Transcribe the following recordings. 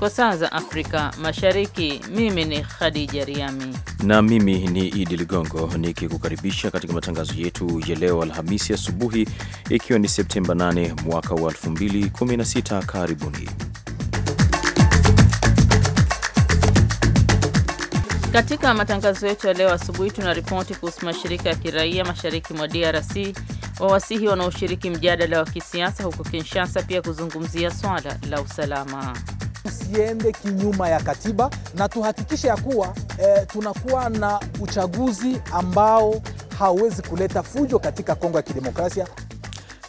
kwa saa za Afrika Mashariki. Mimi ni Khadija Riami na mimi ni Idi Ligongo nikikukaribisha katika matangazo yetu ya leo Alhamisi asubuhi, ikiwa ni Septemba 8 mwaka wa 2016. Karibuni katika matangazo yetu ya leo asubuhi. Tuna ripoti kuhusu mashirika ya kiraia mashariki mwa DRC wawasihi wanaoshiriki mjadala wa kisiasa huko Kinshasa pia kuzungumzia swala la usalama tusiende kinyuma ya katiba na tuhakikishe ya kuwa e, tunakuwa na uchaguzi ambao hawezi kuleta fujo katika Kongo ya Kidemokrasia.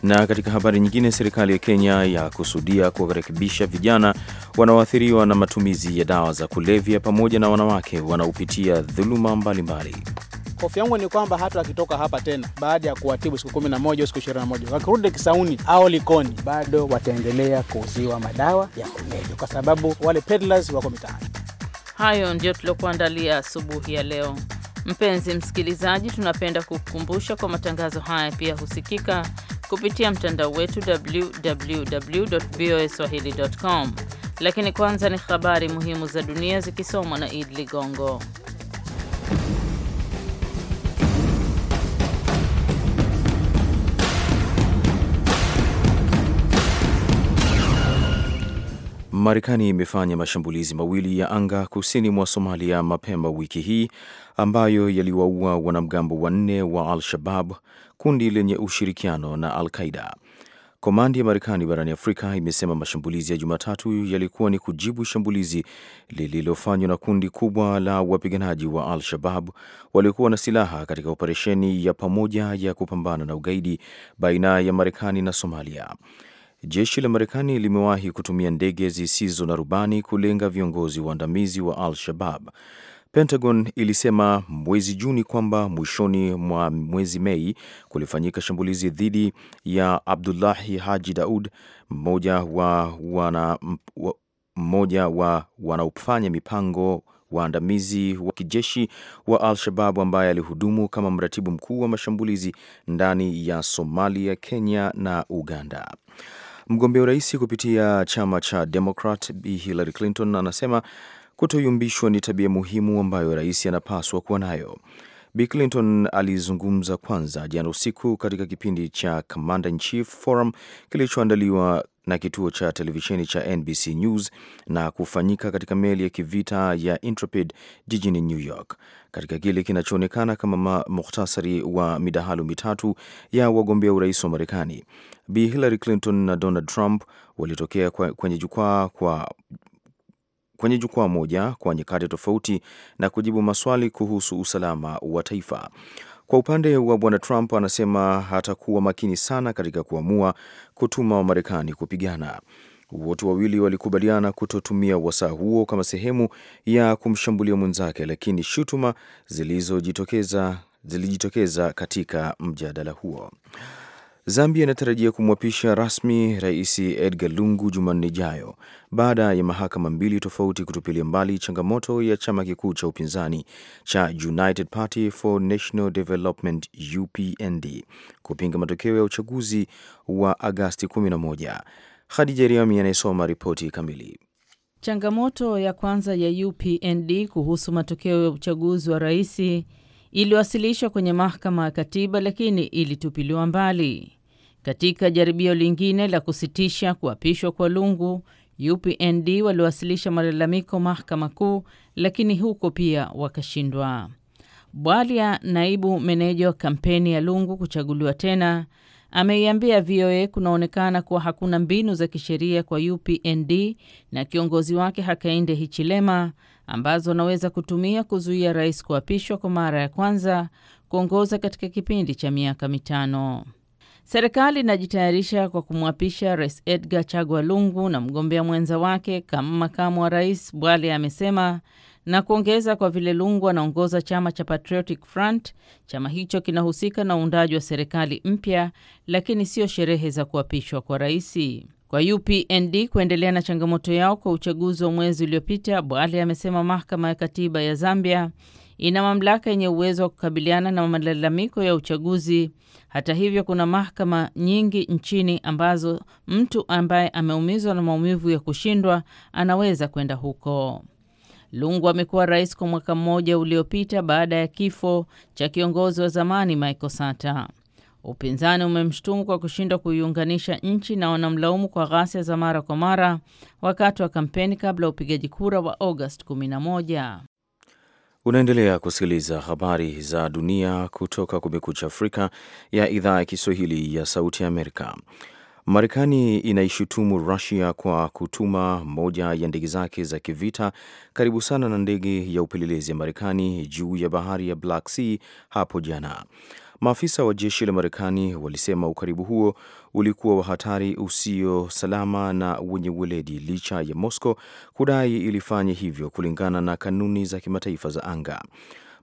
Na katika habari nyingine, serikali ya Kenya ya kusudia kuwarekebisha vijana wanaoathiriwa na matumizi ya dawa za kulevya pamoja na wanawake wanaopitia dhuluma mbalimbali mbali. Hofu yangu ni kwamba hata akitoka hapa tena baada ya kuwatibu siku kumi na moja au siku ishirini na moja wakirudi Kisauni au Likoni, bado wataendelea kuuziwa madawa ya kulevya kwa sababu wale peddlers wako mitaani. Hayo ndio tuliokuandalia asubuhi ya leo. Mpenzi msikilizaji, tunapenda kukukumbusha kwa matangazo haya pia husikika kupitia mtandao wetu www.voaswahili.com. Lakini kwanza ni habari muhimu za dunia zikisomwa na Id Ligongo. Marekani imefanya mashambulizi mawili ya anga kusini mwa Somalia mapema wiki hii ambayo yaliwaua wanamgambo wanne wa Al-Shabab, kundi lenye ushirikiano na Al-Qaida. Komandi ya Marekani barani Afrika imesema mashambulizi ya Jumatatu yalikuwa ni kujibu shambulizi lililofanywa na kundi kubwa la wapiganaji wa Al-Shabab waliokuwa na silaha katika operesheni ya pamoja ya kupambana na ugaidi baina ya Marekani na Somalia. Jeshi la Marekani limewahi kutumia ndege zisizo na rubani kulenga viongozi waandamizi wa Al-Shabab. Pentagon ilisema mwezi Juni kwamba mwishoni mwa mwezi Mei kulifanyika shambulizi dhidi ya Abdullahi Haji Daud, mmoja wa wana mmoja wa wanaofanya mipango waandamizi wa kijeshi wa Al-Shababu ambaye alihudumu kama mratibu mkuu wa mashambulizi ndani ya Somalia, Kenya na Uganda. Mgombea urais kupitia chama cha Democrat Bi Hillary Clinton anasema kutoyumbishwa ni tabia muhimu ambayo rais anapaswa kuwa nayo. Bi Clinton alizungumza kwanza jana usiku katika kipindi cha Commander in Chief Forum kilichoandaliwa na kituo cha televisheni cha NBC News na kufanyika katika meli ya kivita ya Intrepid jijini New York, katika kile kinachoonekana kama muhtasari wa midahalo mitatu ya wagombea urais wa Marekani. Bi Hillary Clinton na Donald Trump walitokea kwenye jukwaa kwa kwenye jukwaa moja kwa nyakati tofauti na kujibu maswali kuhusu usalama wa taifa. Kwa upande wa bwana Trump, anasema hatakuwa makini sana katika kuamua kutuma Wamarekani kupigana. Wote wawili walikubaliana kutotumia wasaa huo kama sehemu ya kumshambulia mwenzake, lakini shutuma zilizojitokeza zilijitokeza katika mjadala huo. Zambia inatarajia kumwapisha rasmi Rais Edgar Lungu Jumanne ijayo baada ya mahakama mbili tofauti kutupilia mbali changamoto ya chama kikuu cha upinzani cha United Party for National Development UPND kupinga matokeo ya uchaguzi wa Agasti 11. Khadija Riami anayesoma ripoti kamili. Changamoto ya kwanza ya UPND kuhusu matokeo ya uchaguzi wa rais iliwasilishwa kwenye mahakama ya katiba lakini ilitupiliwa mbali. Katika jaribio lingine la kusitisha kuapishwa kwa Lungu, UPND waliwasilisha malalamiko mahakama kuu, lakini huko pia wakashindwa. Bwalya, naibu meneja wa kampeni ya Lungu kuchaguliwa tena ameiambia VOA kunaonekana kuwa hakuna mbinu za kisheria kwa UPND na kiongozi wake Hakainde Hichilema ambazo anaweza kutumia kuzuia rais kuapishwa kwa mara ya kwanza kuongoza katika kipindi cha miaka mitano. Serikali inajitayarisha kwa kumwapisha Rais Edgar Chagwa Lungu na mgombea mwenza wake kama makamu wa rais, Bwale amesema na kuongeza kwa vile Lungu anaongoza chama cha Patriotic Front. Chama hicho kinahusika na uundaji wa serikali mpya, lakini sio sherehe za kuapishwa kwa raisi. Kwa UPND kuendelea na changamoto yao kwa uchaguzi wa mwezi uliopita, Bwale amesema mahakama ya katiba ya Zambia ina mamlaka yenye uwezo wa kukabiliana na malalamiko ya uchaguzi. Hata hivyo, kuna mahakama nyingi nchini ambazo mtu ambaye ameumizwa na maumivu ya kushindwa anaweza kwenda huko. Lungu amekuwa rais kwa mwaka mmoja uliopita baada ya kifo cha kiongozi wa zamani Michael Sata. Upinzani umemshutumu kwa kushindwa kuiunganisha nchi na wanamlaumu kwa ghasia za mara kwa mara wakati wa kampeni kabla ya upigaji kura wa Agosti 11. Unaendelea kusikiliza habari za dunia kutoka Kumekucha Afrika ya idhaa ya Kiswahili ya Sauti ya Amerika. Marekani inaishutumu Rusia kwa kutuma moja ya ndege zake za kivita karibu sana na ndege ya upelelezi ya Marekani juu ya bahari ya Black Sea hapo jana. Maafisa wa jeshi la Marekani walisema ukaribu huo ulikuwa wa hatari, usio salama na wenye uweledi, licha ya Moscow kudai ilifanya hivyo kulingana na kanuni za kimataifa za anga.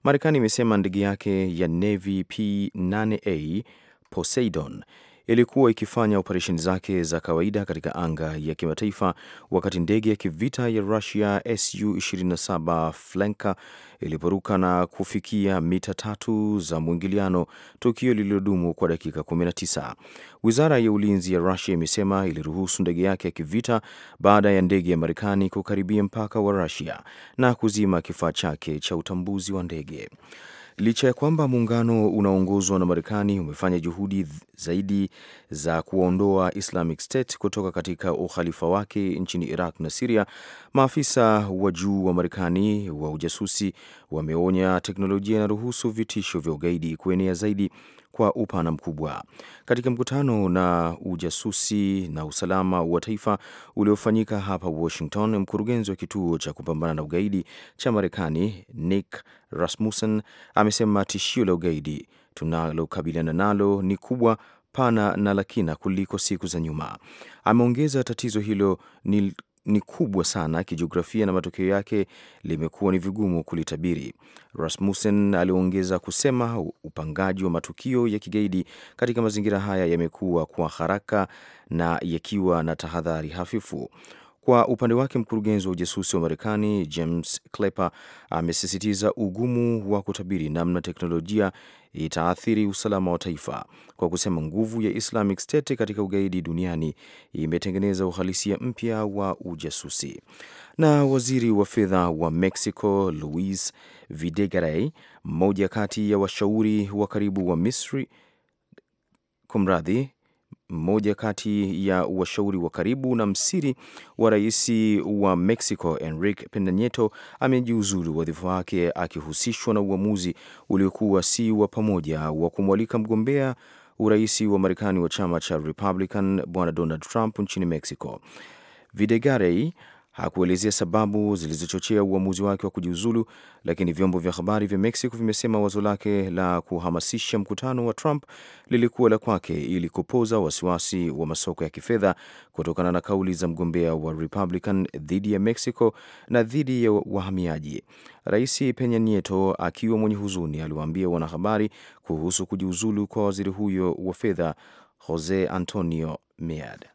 Marekani imesema ndege yake ya Navy P8A Poseidon ilikuwa ikifanya operesheni zake za kawaida katika anga ya kimataifa wakati ndege ya kivita ya Russia Su-27 Flanker iliporuka na kufikia mita tatu za mwingiliano, tukio lililodumu kwa dakika 19. Wizara ya ulinzi ya Russia imesema iliruhusu ndege yake ya kivita baada ya ndege ya Marekani kukaribia mpaka wa Russia na kuzima kifaa chake cha utambuzi wa ndege. Licha ya kwamba muungano unaoongozwa na Marekani umefanya juhudi zaidi za kuwaondoa Islamic State kutoka katika ukhalifa wake nchini Iraq na Siria, maafisa wa juu wa Marekani wa ujasusi wameonya teknolojia inaruhusu vitisho vya ugaidi kuenea zaidi kwa upana mkubwa katika mkutano na ujasusi na usalama wa taifa uliofanyika hapa Washington. Mkurugenzi wa kituo cha kupambana na ugaidi cha Marekani Nick Rasmussen amesema tishio la ugaidi tunalokabiliana nalo ni kubwa pana na lakina kuliko siku za nyuma. Ameongeza tatizo hilo ni ni kubwa sana kijiografia na matokeo yake limekuwa ni vigumu kulitabiri. Rasmussen aliongeza kusema upangaji wa matukio ya kigaidi katika mazingira haya yamekuwa kwa haraka na yakiwa na tahadhari hafifu. Kwa upande wake mkurugenzi wa ujasusi wa Marekani James Clapper amesisitiza ugumu wa kutabiri namna teknolojia itaathiri usalama wa taifa kwa kusema nguvu ya Islamic State katika ugaidi duniani imetengeneza uhalisia mpya wa ujasusi. Na waziri wa fedha wa Mexico Luis Videgaray, mmoja kati ya washauri wa karibu wa Misri kumradhi mmoja kati ya washauri wa karibu na msiri wa rais wa Mexico Enrique Pena Nieto amejiuzulu wadhifa wake akihusishwa na uamuzi uliokuwa si wa pamoja wa kumwalika mgombea urais wa Marekani wa chama cha Republican Bwana Donald Trump nchini Mexico. Videgarey Hakuelezea sababu zilizochochea uamuzi wake wa kujiuzulu, lakini vyombo vya habari vya Mexico vimesema wazo lake la kuhamasisha mkutano wa Trump lilikuwa la kwake ili kupoza wasiwasi wa masoko ya kifedha kutokana na kauli za mgombea wa Republican dhidi ya Mexico na dhidi ya wahamiaji. Rais Penya Nieto akiwa mwenye huzuni, aliwaambia wanahabari kuhusu kujiuzulu kwa waziri huyo wa fedha Jose Antonio Meade.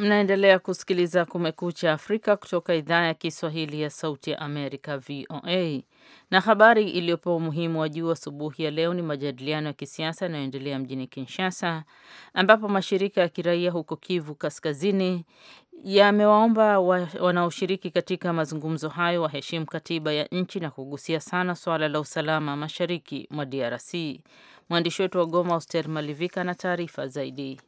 Mnaendelea kusikiliza Kumekucha Afrika kutoka idhaa ya Kiswahili ya Sauti ya Amerika, VOA. Na habari iliyopewa umuhimu wa juu asubuhi ya leo ni majadiliano ya kisiasa yanayoendelea mjini Kinshasa, ambapo mashirika ya kiraia huko Kivu Kaskazini yamewaomba wa, wanaoshiriki katika mazungumzo hayo waheshimu katiba ya nchi na kugusia sana suala la usalama mashariki mwa DRC. Mwandishi wetu wa Goma, Oster Malivika, ana taarifa zaidi.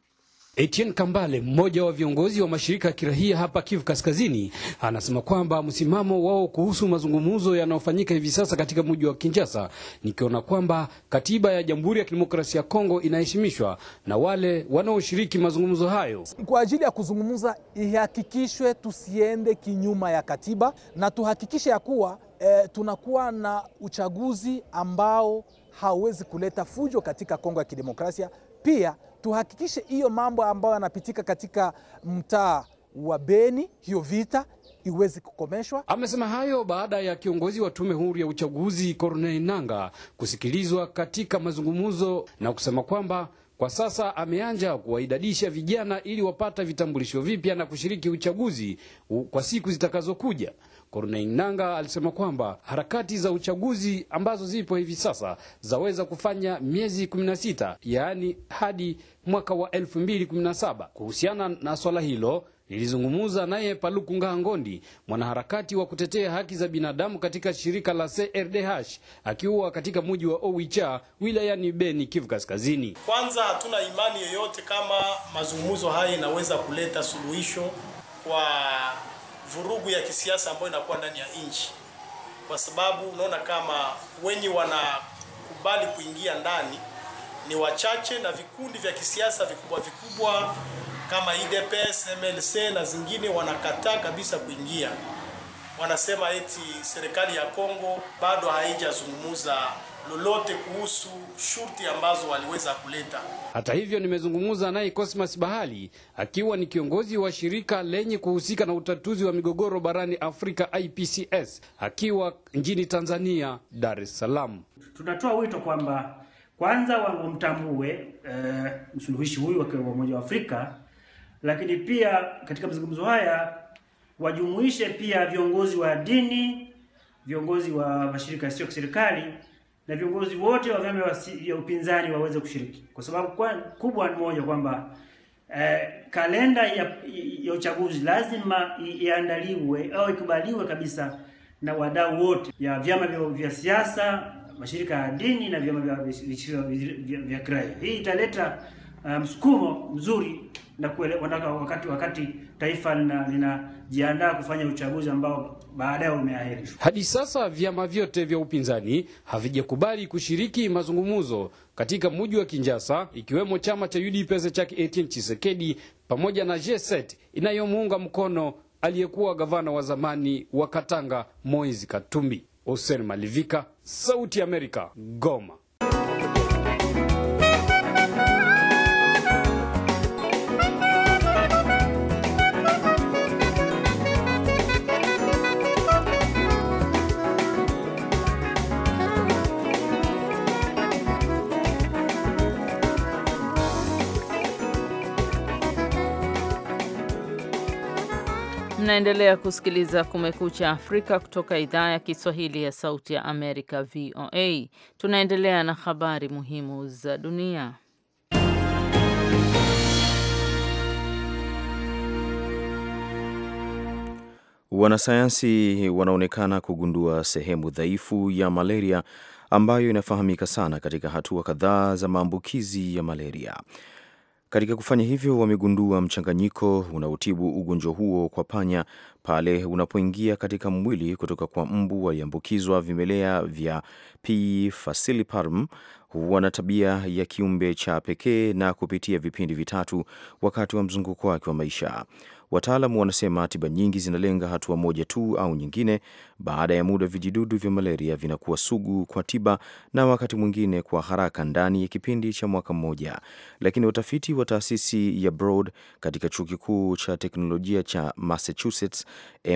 Etienne Kambale, mmoja wa viongozi wa mashirika ya kirahia hapa Kivu Kaskazini, anasema kwamba msimamo wao kuhusu mazungumzo yanayofanyika hivi sasa katika mji wa Kinshasa, nikiona kwamba katiba ya Jamhuri ya Kidemokrasia ya Kongo inaheshimishwa na wale wanaoshiriki mazungumzo hayo. Kwa ajili ya kuzungumza, ihakikishwe tusiende kinyuma ya katiba na tuhakikishe ya kuwa e, tunakuwa na uchaguzi ambao hauwezi kuleta fujo katika Kongo ya Kidemokrasia pia tuhakikishe hiyo mambo ambayo yanapitika katika mtaa wa Beni, hiyo vita iwezi kukomeshwa. Amesema hayo baada ya kiongozi wa tume huru ya uchaguzi Corneille Nangaa kusikilizwa katika mazungumzo na kusema kwamba kwa sasa ameanza kuwaidadisha vijana ili wapata vitambulisho vipya na kushiriki uchaguzi kwa siku zitakazokuja. Corneille Nangaa alisema kwamba harakati za uchaguzi ambazo zipo hivi sasa zaweza kufanya miezi 16 yaani hadi mwaka wa 2017. Kuhusiana na swala hilo Nilizungumza naye Paluku Ngangondi, mwanaharakati wa kutetea haki za binadamu katika shirika la CRDH, akiwa katika mji wa Owicha wilayani Beni, Kivu Kaskazini. Kwanza hatuna imani yoyote kama mazungumzo haya inaweza kuleta suluhisho kwa vurugu ya kisiasa ambayo inakuwa ndani ya nchi, kwa sababu unaona kama wenye wanakubali kuingia ndani ni wachache na vikundi vya kisiasa vikubwa vikubwa kama IDPS, MLC na zingine wanakataa kabisa kuingia. Wanasema eti serikali ya Kongo bado haijazungumza lolote kuhusu shurti ambazo waliweza kuleta. Hata hivyo, nimezungumza naye Cosmas Bahali akiwa ni kiongozi wa shirika lenye kuhusika na utatuzi wa migogoro barani Afrika IPCS, akiwa nchini Tanzania, Dar es Salaam. Tunatoa wito kwamba kwanza wamtambue eh, msuluhishi huyu wa Umoja wa Afrika lakini pia katika mazungumzo haya wajumuishe pia viongozi wa dini, viongozi wa mashirika yasiyo ya serikali na viongozi wote wa vyama vya upinzani waweze kushiriki, kwa sababu kwa, kubwa ni moja kwamba eh, kalenda ya, ya uchaguzi lazima iandaliwe au ikubaliwe kabisa na wadau wote ya vyama vya, vya siasa, mashirika ya dini na vyama vya, vya, vya, vya, vya kiraia. Hii italeta msukumo eh, msukumo mzuri la kuelewana wakati wakati taifa linajiandaa kufanya uchaguzi ambao baadaye umeahirishwa. Hadi sasa vyama vyote vya upinzani havijakubali kushiriki mazungumzo katika mji wa Kinshasa, ikiwemo chama cha UDPS chake Etienne Tshisekedi pamoja na G7 inayomuunga mkono aliyekuwa gavana wa zamani wa Katanga Moise Katumbi. Hussein Malivika, Sauti ya Amerika, Goma. Unaendelea kusikiliza Kumekucha Afrika kutoka idhaa ya Kiswahili ya Sauti ya Amerika, VOA. Tunaendelea na habari muhimu za dunia. Wanasayansi wanaonekana kugundua sehemu dhaifu ya malaria ambayo inafahamika sana katika hatua kadhaa za maambukizi ya malaria. Katika kufanya hivyo, wamegundua mchanganyiko unaotibu ugonjwa huo kwa panya pale unapoingia katika mwili kutoka kwa mbu waliambukizwa vimelea vya P. falciparum na tabia ya kiumbe cha pekee na kupitia vipindi vitatu wakati wa mzunguko wake wa maisha. Wataalamu wanasema tiba nyingi zinalenga hatua moja tu au nyingine. Baada ya muda, vijidudu vya malaria vinakuwa sugu kwa tiba na wakati mwingine kwa haraka ndani ya kipindi cha mwaka mmoja, lakini watafiti wa taasisi ya Broad katika chuo kikuu cha teknolojia cha Massachusetts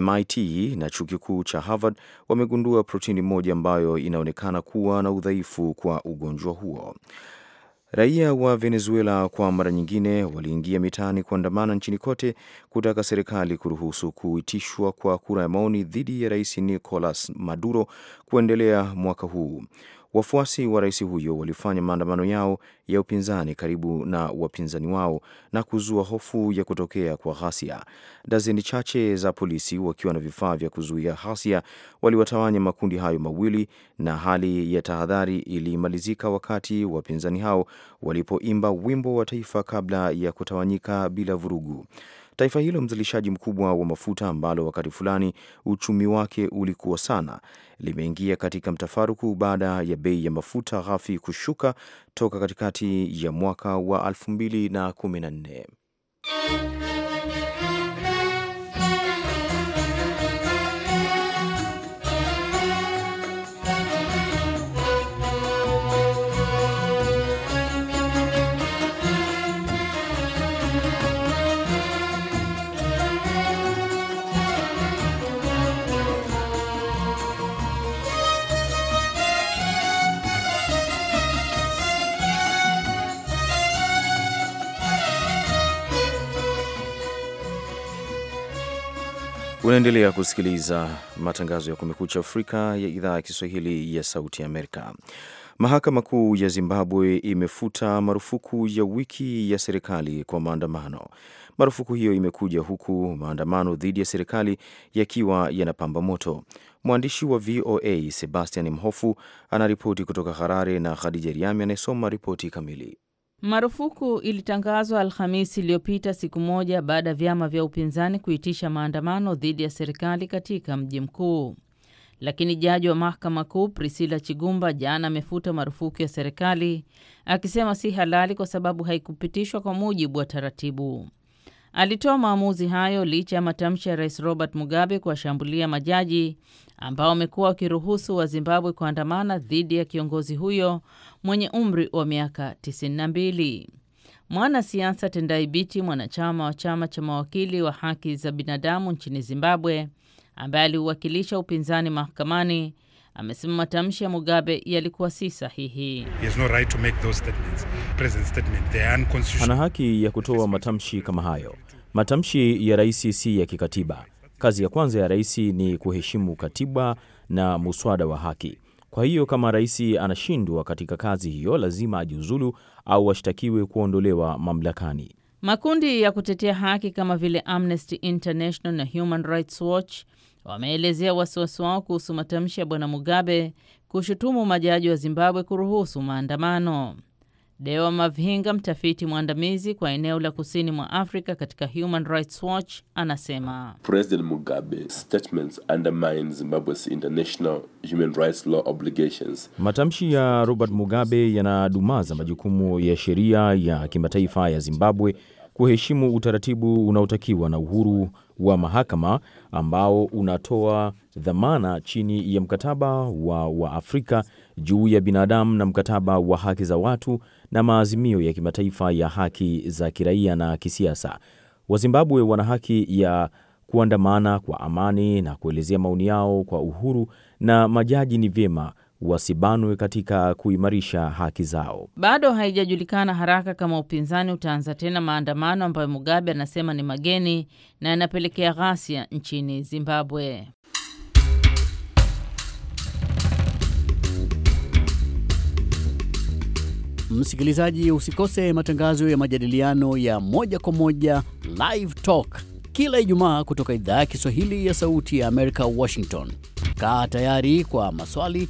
MIT na chuo kikuu cha Harvard wamegundua protini moja ambayo inaonekana kuwa na udhaifu kwa ugonjwa huo. Raia wa Venezuela kwa mara nyingine waliingia mitaani kuandamana nchini kote kutaka serikali kuruhusu kuitishwa kwa kura ya maoni dhidi ya rais Nicolas Maduro kuendelea mwaka huu. Wafuasi wa rais huyo walifanya maandamano yao ya upinzani karibu na wapinzani wao na kuzua hofu ya kutokea kwa ghasia. Dazeni chache za polisi wakiwa na vifaa vya kuzuia ghasia waliwatawanya makundi hayo mawili, na hali ya tahadhari ilimalizika wakati wapinzani hao walipoimba wimbo wa taifa kabla ya kutawanyika bila vurugu. Taifa hilo mzalishaji mkubwa wa mafuta ambalo wakati fulani uchumi wake ulikuwa sana, limeingia katika mtafaruku baada ya bei ya mafuta ghafi kushuka toka katikati ya mwaka wa 2014. Unaendelea kusikiliza matangazo ya Kumekucha Afrika ya idhaa ya Kiswahili ya Sauti Amerika. Mahakama Kuu ya Zimbabwe imefuta marufuku ya wiki ya serikali kwa maandamano. Marufuku hiyo imekuja huku maandamano dhidi ya serikali yakiwa yanapamba moto. Mwandishi wa VOA Sebastian Mhofu anaripoti kutoka Harare na Khadija Riami anayesoma ripoti kamili. Marufuku ilitangazwa Alhamisi iliyopita siku moja baada ya vyama vya upinzani kuitisha maandamano dhidi ya serikali katika mji mkuu. Lakini jaji wa mahakama kuu Priscilla Chigumba jana amefuta marufuku ya serikali akisema si halali kwa sababu haikupitishwa kwa mujibu wa taratibu. Alitoa maamuzi hayo licha ya matamshi ya Rais Robert Mugabe kuwashambulia majaji ambao wamekuwa wakiruhusu wa Zimbabwe kuandamana dhidi ya kiongozi huyo mwenye umri wa miaka 92. Mwanasiasa Tendai Biti, mwanachama wa chama cha mawakili wa haki za binadamu nchini Zimbabwe, ambaye aliuwakilisha upinzani mahakamani amesema matamshi ya Mugabe yalikuwa si sahihi. No right ana haki ya kutoa matamshi kama hayo. Matamshi ya rais si ya kikatiba. Kazi ya kwanza ya rais ni kuheshimu katiba na muswada wa haki. Kwa hiyo kama rais anashindwa katika kazi hiyo, lazima ajiuzulu au ashtakiwe kuondolewa mamlakani. Makundi ya kutetea haki kama vile Amnesty International na Human Rights Watch wameelezea wasiwasi wao kuhusu matamshi ya Bwana Mugabe kushutumu majaji wa Zimbabwe kuruhusu maandamano. Dewa Mavhinga, mtafiti mwandamizi kwa eneo la kusini mwa Afrika katika Human Rights Watch, anasema President Mugabe statements undermine Zimbabwe's international human rights law obligations. Matamshi ya Robert Mugabe yanadumaza majukumu ya sheria ya kimataifa ya Zimbabwe kuheshimu utaratibu unaotakiwa na uhuru wa mahakama ambao unatoa dhamana chini ya mkataba wa, wa Afrika juu ya binadamu na mkataba wa haki za watu na maazimio ya kimataifa ya haki za kiraia na kisiasa. Wazimbabwe wana haki ya kuandamana kwa amani na kuelezea maoni yao kwa uhuru na majaji ni vyema wasibanwe katika kuimarisha haki zao. Bado haijajulikana haraka kama upinzani utaanza tena maandamano ambayo Mugabe anasema ni mageni na yanapelekea ghasia nchini Zimbabwe. Msikilizaji, usikose matangazo ya majadiliano ya moja kwa moja Live Talk kila Ijumaa kutoka idhaa ya Kiswahili ya Sauti ya Amerika, Washington. Kaa tayari kwa maswali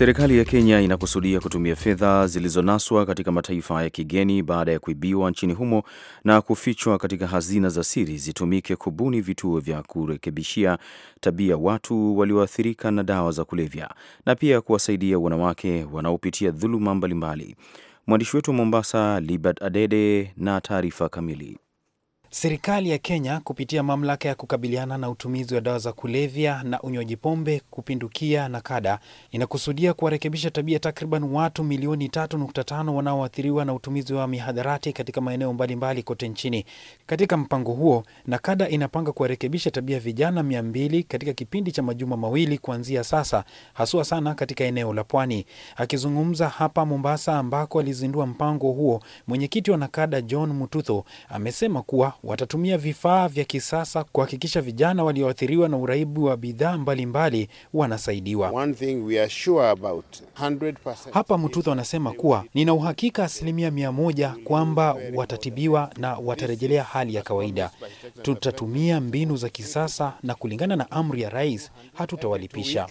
Serikali ya Kenya inakusudia kutumia fedha zilizonaswa katika mataifa ya kigeni baada ya kuibiwa nchini humo na kufichwa katika hazina za siri zitumike kubuni vituo vya kurekebishia tabia watu walioathirika na dawa za kulevya na pia kuwasaidia wanawake wanaopitia dhuluma mbalimbali. Mwandishi wetu wa Mombasa, Libert Adede, na taarifa kamili. Serikali ya Kenya kupitia mamlaka ya kukabiliana na utumizi wa dawa za kulevya na unywaji pombe kupindukia na kada inakusudia kuwarekebisha tabia takriban watu milioni 3.5 wanaoathiriwa na utumizi wa mihadharati katika maeneo mbalimbali kote nchini. Katika mpango huo, nakada inapanga kuwarekebisha tabia vijana 200 katika kipindi cha majuma mawili kuanzia sasa, haswa sana katika eneo la Pwani. Akizungumza hapa Mombasa ambako alizindua mpango huo, mwenyekiti wa nakada John Mututho amesema kuwa watatumia vifaa vya kisasa kuhakikisha vijana walioathiriwa na uraibu wa bidhaa mbalimbali wanasaidiwa. One thing we are sure about, 100%. Hapa Mututho anasema kuwa nina uhakika asilimia mia moja kwamba watatibiwa na watarejelea hali ya kawaida. Tutatumia mbinu za kisasa na kulingana na amri ya rais hatutawalipisha.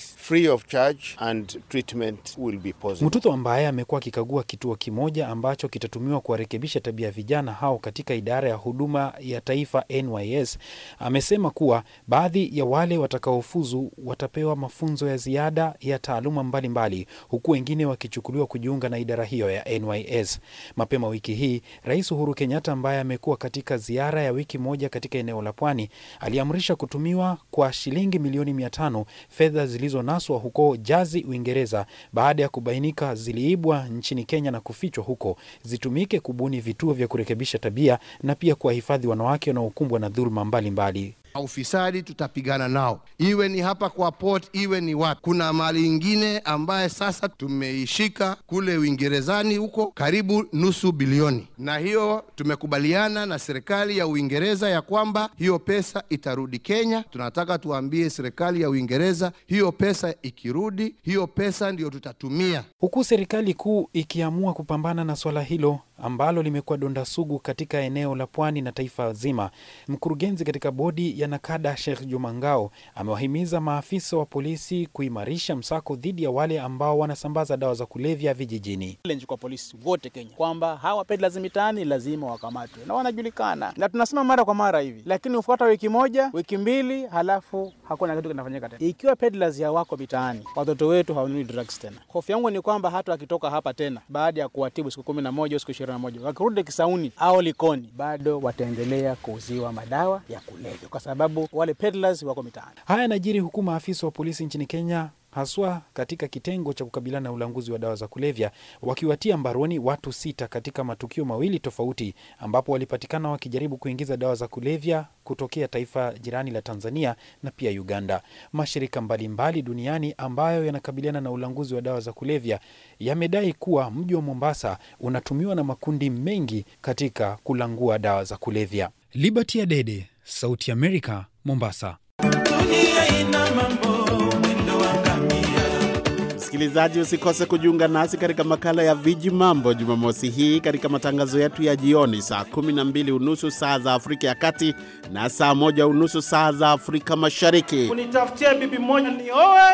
Mututho ambaye amekuwa akikagua kituo kimoja ambacho kitatumiwa kuwarekebisha tabia ya vijana hao katika idara ya huduma ya Taifa NYS amesema kuwa baadhi ya wale watakaofuzu watapewa mafunzo ya ziada ya taaluma mbalimbali huku wengine wakichukuliwa kujiunga na idara hiyo ya NYS. Mapema wiki hii, Rais Uhuru Kenyatta ambaye amekuwa katika ziara ya wiki moja katika eneo la Pwani aliamrisha kutumiwa kwa shilingi milioni mia tano fedha zilizonaswa huko Jazi, Uingereza baada ya kubainika ziliibwa nchini Kenya na kufichwa huko zitumike kubuni vituo vya kurekebisha tabia na pia kuwahifadhi wanawake wanaokumbwa na dhuluma mbalimbali. Ufisadi tutapigana nao, iwe ni hapa kwa port, iwe ni wapi. Kuna mali ingine ambaye sasa tumeishika kule Uingerezani huko karibu nusu bilioni, na hiyo tumekubaliana na serikali ya Uingereza ya kwamba hiyo pesa itarudi Kenya. Tunataka tuambie serikali ya Uingereza hiyo pesa ikirudi, hiyo pesa ndiyo tutatumia, huku serikali kuu ikiamua kupambana na swala hilo ambalo limekuwa donda sugu katika eneo la pwani na taifa zima. Mkurugenzi katika bodi ya Nakada Sheikh Juma Ngao amewahimiza maafisa wa polisi kuimarisha msako dhidi ya wale ambao wanasambaza dawa za kulevya vijijini. Challenge kwa polisi wote Kenya kwamba hawa peddlers mitaani lazima wakamatwe na wanajulikana, na tunasema mara kwa mara hivi, lakini hufuata wiki moja, wiki mbili, halafu hakuna kitu kinafanyika tena. Ikiwa peddlers ya wako mitaani, watoto wetu hawanunui drugs tena. Hofu yangu ni kwamba hata wakitoka hapa tena baada ya kuwatibu siku kumi na moja au siku ishirini na moja wakirudi Kisauni au Likoni, bado wataendelea kuuziwa madawa ya kulevya sababu wale peddlers wako mitaani. Haya najiri huku maafisa wa polisi nchini Kenya haswa katika kitengo cha kukabiliana na ulanguzi wa dawa za kulevya wakiwatia mbaroni watu sita katika matukio mawili tofauti, ambapo walipatikana wakijaribu kuingiza dawa za kulevya kutokea taifa jirani la Tanzania na pia Uganda. Mashirika mbalimbali mbali duniani ambayo yanakabiliana na ulanguzi wa dawa za kulevya yamedai kuwa mji wa Mombasa unatumiwa na makundi mengi katika kulangua dawa za kulevya. Liberty Adede, Sauti Amerika, Mombasa. Msikilizaji, usikose kujiunga nasi katika makala ya Viji Mambo Jumamosi hii katika matangazo yetu ya jioni saa 12 unusu saa za Afrika ya Kati na saa 1 unusu saa za Afrika Mashariki. Unitafutie bibi moja nioe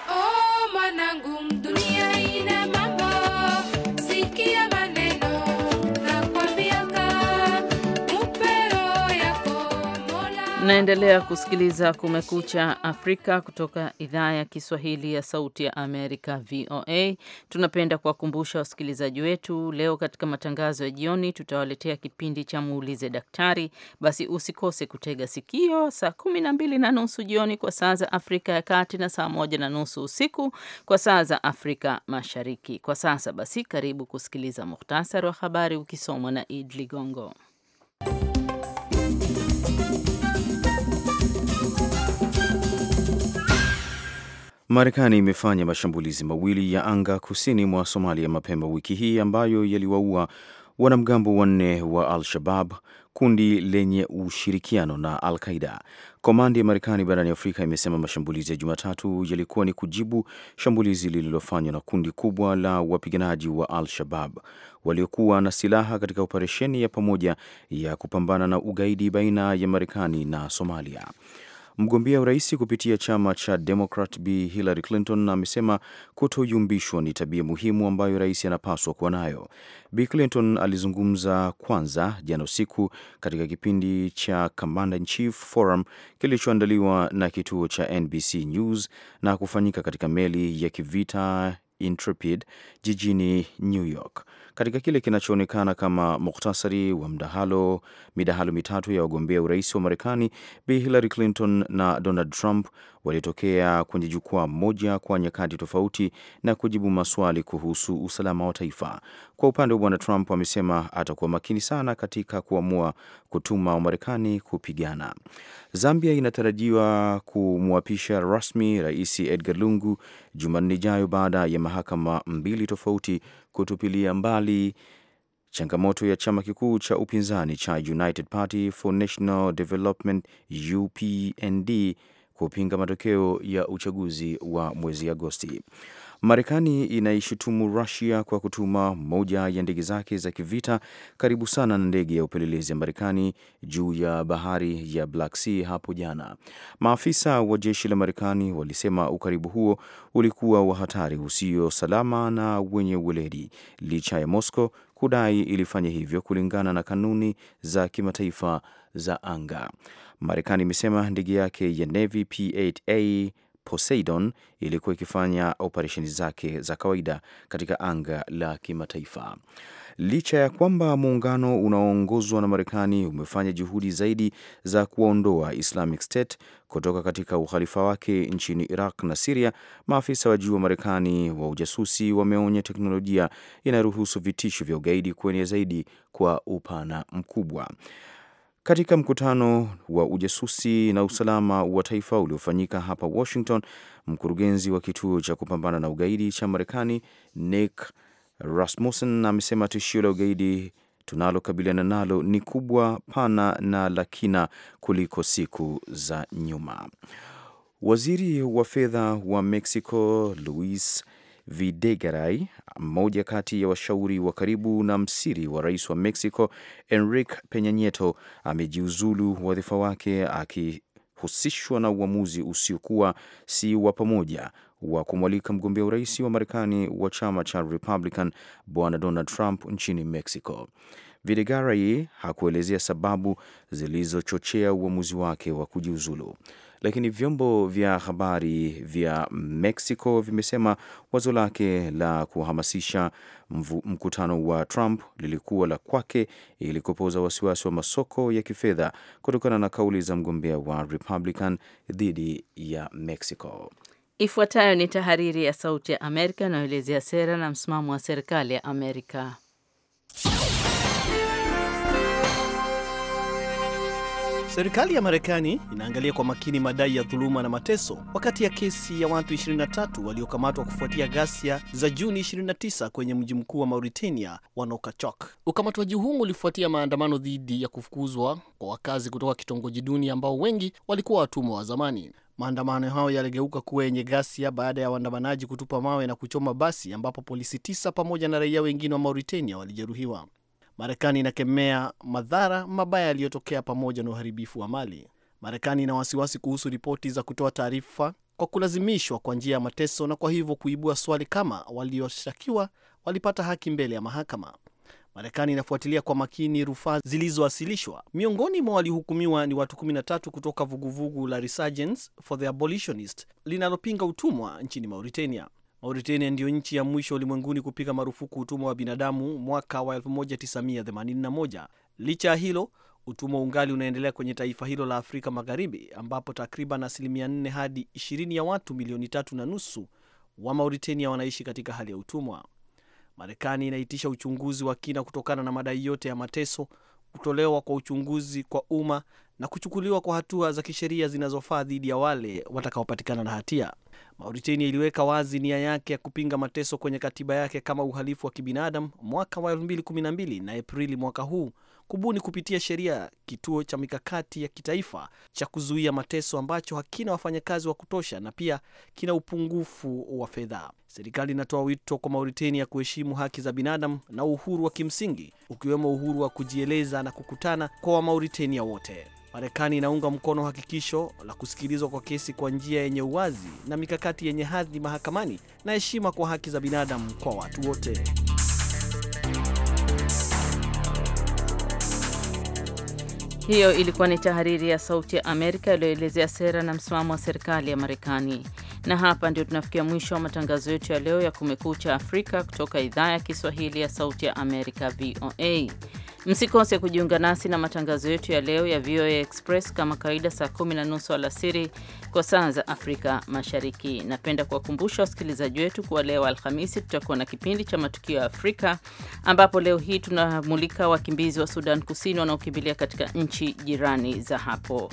Unaendelea kusikiliza Kumekucha Afrika kutoka idhaa ya Kiswahili ya Sauti ya Amerika, VOA. Tunapenda kuwakumbusha wasikilizaji wetu, leo katika matangazo ya jioni tutawaletea kipindi cha Muulize Daktari. Basi usikose kutega sikio saa kumi na mbili na nusu jioni kwa saa za Afrika ya Kati na saa moja na nusu usiku kwa saa za Afrika Mashariki. Kwa sasa basi, karibu kusikiliza muhtasari wa habari ukisomwa na Id Ligongo. Marekani imefanya mashambulizi mawili ya anga kusini mwa Somalia mapema wiki hii ambayo yaliwaua wanamgambo wanne wa Al-Shabab, kundi lenye ushirikiano na Al-Qaida. Komandi ya Marekani barani Afrika imesema mashambulizi ya Jumatatu yalikuwa ni kujibu shambulizi lililofanywa na kundi kubwa la wapiganaji wa Al-Shabab waliokuwa na silaha katika operesheni ya pamoja ya kupambana na ugaidi baina ya Marekani na Somalia. Mgombea urais kupitia chama cha Democrat b Hillary Clinton amesema kutoyumbishwa ni tabia muhimu ambayo rais anapaswa kuwa nayo. b Clinton alizungumza kwanza jana usiku katika kipindi cha Commander in Chief Forum kilichoandaliwa na kituo cha NBC News na kufanyika katika meli ya kivita Intrepid jijini New York katika kile kinachoonekana kama muktasari wa mdahalo midahalo mitatu ya wagombea urais wa Marekani, Bi Hillary Clinton na Donald Trump walitokea kwenye jukwaa moja kwa nyakati tofauti na kujibu maswali kuhusu usalama wa taifa. Kwa upande wa Bwana Trump, amesema atakuwa makini sana katika kuamua kutuma Wamarekani kupigana. Zambia inatarajiwa kumwapisha rasmi Rais Edgar Lungu Jumanne ijayo baada ya mahakama mbili tofauti kutupilia mbali changamoto ya chama kikuu cha upinzani cha United Party for National Development UPND kupinga matokeo ya uchaguzi wa mwezi Agosti. Marekani inaishutumu Rusia kwa kutuma moja ya ndege zake za kivita karibu sana na ndege ya upelelezi ya Marekani juu ya bahari ya Black Sea hapo jana. Maafisa wa jeshi la Marekani walisema ukaribu huo ulikuwa wa hatari, usio salama na wenye uweledi, licha ya Moscow kudai ilifanya hivyo kulingana na kanuni za kimataifa za anga. Marekani imesema ndege yake ya Navy P8A Poseidon ilikuwa ikifanya operesheni zake za kawaida katika anga la kimataifa. Licha ya kwamba muungano unaoongozwa na Marekani umefanya juhudi zaidi za kuwaondoa Islamic State kutoka katika uhalifa wake nchini Iraq na Siria, maafisa wa juu wa Marekani wa ujasusi wameonya teknolojia inayoruhusu vitisho vya ugaidi kuenea zaidi kwa upana mkubwa. Katika mkutano wa ujasusi na usalama wa taifa uliofanyika hapa Washington, mkurugenzi wa kituo cha kupambana na ugaidi cha Marekani Nick Rasmussen amesema tishio la ugaidi tunalokabiliana nalo ni kubwa, pana na la kina kuliko siku za nyuma. Waziri wa fedha wa Mexico Luis Videgaray, mmoja kati ya washauri wa karibu na msiri wa rais wa Mexico Enrique penyanyeto Nieto, amejiuzulu wadhifa wake akihusishwa na uamuzi usiokuwa si wa pamoja wa kumwalika mgombea urais wa Marekani wa chama cha Republican Bwana Donald Trump nchini Mexico. Videgaray hakuelezea sababu zilizochochea uamuzi wake wa kujiuzulu lakini vyombo vya habari vya Mexico vimesema wazo lake la kuhamasisha mkutano wa Trump lilikuwa la kwake ili kupoza wasiwasi wa masoko ya kifedha kutokana na kauli za mgombea wa Republican dhidi ya Mexico. Ifuatayo ni tahariri ya Sauti ya Amerika inayoelezea sera na msimamo wa serikali ya Amerika. Serikali ya Marekani inaangalia kwa makini madai ya dhuluma na mateso wakati ya kesi ya watu 23 waliokamatwa kufuatia ghasia za Juni 29 kwenye mji mkuu wa Mauritania wa Nouakchott. Ukamatwaji huu ulifuatia maandamano dhidi ya kufukuzwa kwa wakazi kutoka kitongoji duni ambao wengi walikuwa watumwa wa zamani. Maandamano hayo yaligeuka kuwa yenye ghasia baada ya waandamanaji kutupa mawe na kuchoma basi ambapo polisi tisa pamoja na raia wengine wa Mauritania walijeruhiwa. Marekani inakemea madhara mabaya yaliyotokea pamoja na uharibifu wa mali. Marekani ina wasiwasi kuhusu ripoti za kutoa taarifa kwa kulazimishwa kwa njia ya mateso, na kwa hivyo kuibua swali kama walioshtakiwa walipata haki mbele ya mahakama. Marekani inafuatilia kwa makini rufaa zilizowasilishwa. Miongoni mwa waliohukumiwa ni watu 13 kutoka vuguvugu la Resurgence for the Abolitionist linalopinga utumwa nchini Mauritania. Mauritania ndiyo nchi ya mwisho ulimwenguni kupiga marufuku utumwa wa binadamu mwaka wa 1981. Licha ya hilo, utumwa ungali unaendelea kwenye taifa hilo la Afrika Magharibi, ambapo takriban asilimia 4 hadi 20 ya watu milioni tatu na nusu wa Mauritania wanaishi katika hali ya utumwa. Marekani inaitisha uchunguzi wa kina kutokana na madai yote ya mateso, kutolewa kwa uchunguzi kwa umma na kuchukuliwa kwa hatua za kisheria zinazofaa dhidi ya wale watakaopatikana na hatia. Mauritania iliweka wazi nia yake ya kupinga mateso kwenye katiba yake kama uhalifu wa kibinadamu mwaka wa 2012 na Aprili mwaka huu kubuni kupitia sheria kituo cha mikakati ya kitaifa cha kuzuia mateso ambacho hakina wafanyakazi wa kutosha na pia kina upungufu wa fedha. Serikali inatoa wito kwa Mauritania kuheshimu haki za binadamu na uhuru wa kimsingi ukiwemo uhuru wa kujieleza na kukutana kwa Wamauritania wote. Marekani inaunga mkono hakikisho la kusikilizwa kwa kesi kwa njia yenye uwazi na mikakati yenye hadhi mahakamani na heshima kwa haki za binadamu kwa watu wote. Hiyo ilikuwa ni tahariri ya Sauti ya Amerika iliyoelezea sera na msimamo wa serikali ya Marekani. Na hapa ndio tunafikia mwisho wa matangazo yetu ya leo ya Kumekucha Afrika kutoka idhaa ya Kiswahili ya Sauti ya Amerika, VOA. Msikose kujiunga nasi na matangazo yetu ya leo ya VOA Express kama kawaida, saa kumi na nusu alasiri kwa saa za Afrika Mashariki. Napenda kuwakumbusha wasikilizaji wetu kuwa leo Alhamisi tutakuwa na kipindi cha matukio ya Afrika, ambapo leo hii tunamulika wakimbizi wa Sudan Kusini wanaokimbilia katika nchi jirani za hapo.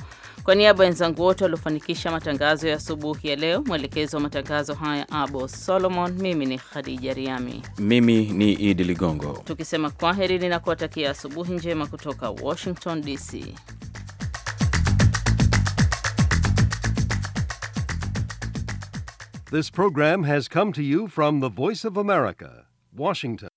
Kwa niaba ya wenzangu wote waliofanikisha matangazo ya asubuhi ya leo, mwelekezo wa matangazo haya Abo Solomon, mimi ni Khadija Riami, mimi ni Idi Ligongo, tukisema kwaheri ninakuwatakia asubuhi njema kutoka Washington DC. This program has come to you from the Voice of America, Washington.